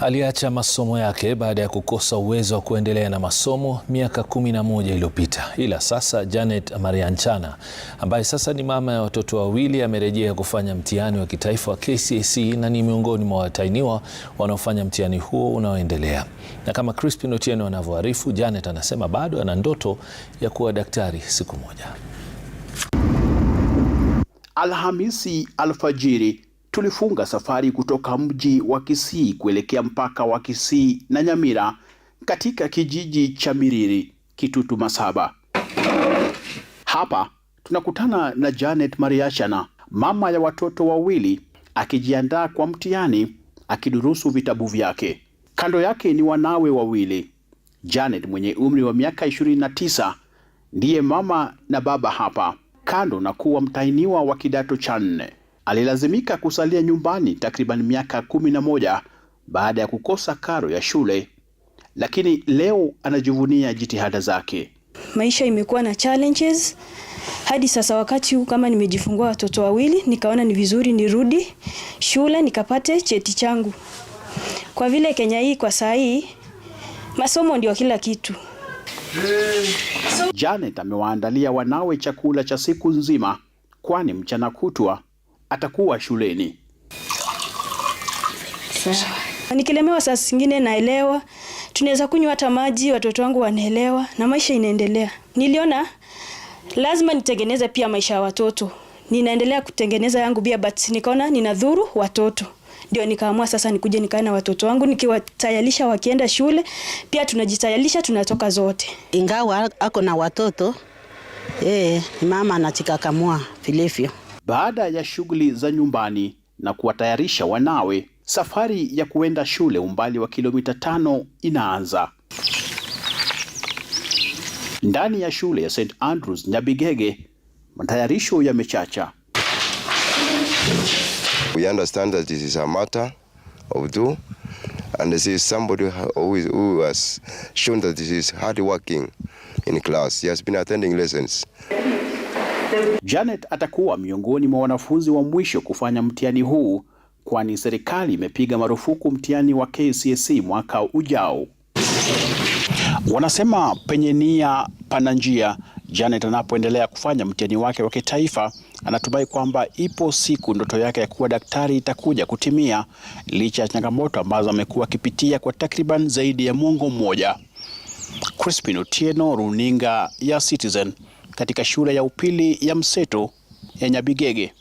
Aliacha masomo yake baada ya kukosa uwezo wa kuendelea na masomo miaka kumi na moja iliyopita, ila sasa Janet Marianchana ambaye sasa ni mama ya watoto wawili amerejea kufanya mtihani wa kitaifa wa KCSE na ni miongoni mwa watainiwa wanaofanya mtihani huo unaoendelea. Na kama Crispin Otieno anavyoarifu, Janet anasema bado ana ndoto ya kuwa daktari siku moja. Alhamisi alfajiri tulifunga safari kutoka mji wa Kisii kuelekea mpaka wa Kisii na Nyamira katika kijiji cha Miriri, Kitutu Masaba. Hapa tunakutana na Janet Mariashana, mama ya watoto wawili, akijiandaa kwa mtihani, akidurusu vitabu vyake. Kando yake ni wanawe wawili. Janet mwenye umri wa miaka 29 ndiye mama na baba hapa, kando na kuwa mtahiniwa wa kidato cha nne alilazimika kusalia nyumbani takriban miaka kumi na moja baada ya kukosa karo ya shule, lakini leo anajivunia jitihada zake. Maisha imekuwa na challenges hadi sasa. Wakati huu kama nimejifungua watoto wawili, nikaona ni vizuri nirudi shule nikapate cheti changu, kwa vile Kenya hii kwa saa hii masomo ndio kila kitu. Janet amewaandalia wanawe chakula cha siku nzima, kwani mchana kutwa atakuwa shuleni. Sawa. Nikilemewa saa zingine naelewa, tunaweza kunywa hata maji, watoto wangu wanaelewa na maisha inaendelea. Niliona lazima nitengeneze pia maisha ya watoto, ninaendelea kutengeneza yangu pia, but nikaona ninadhuru watoto ndio nikaamua sasa nikuje nikae na watoto wangu nikiwatayarisha, wakienda shule pia tunajitayarisha, tunatoka zote. Ingawa ako na watoto eh, mama anachikakamua vilivyo baada ya shughuli za nyumbani na kuwatayarisha wanawe. Safari ya kuenda shule umbali wa kilomita tano inaanza. Ndani ya shule ya St Andrews Nyabigege, matayarisho yamechacha. We understand that this is a matter of do and this is somebody who, who has shown that this is hard working in class. He has been attending lessons. Janet atakuwa miongoni mwa wanafunzi wa mwisho kufanya mtihani huu kwani serikali imepiga marufuku mtihani wa KCSE mwaka ujao. Wanasema penye nia pana njia. Janet anapoendelea kufanya mtihani wake wa kitaifa, anatumai kwamba ipo siku ndoto yake ya kuwa daktari itakuja kutimia, licha ya changamoto ambazo amekuwa akipitia kwa takriban zaidi ya mwongo mmoja. Crispin Otieno, runinga ya Citizen katika shule ya upili ya Mseto ya Nyabigege.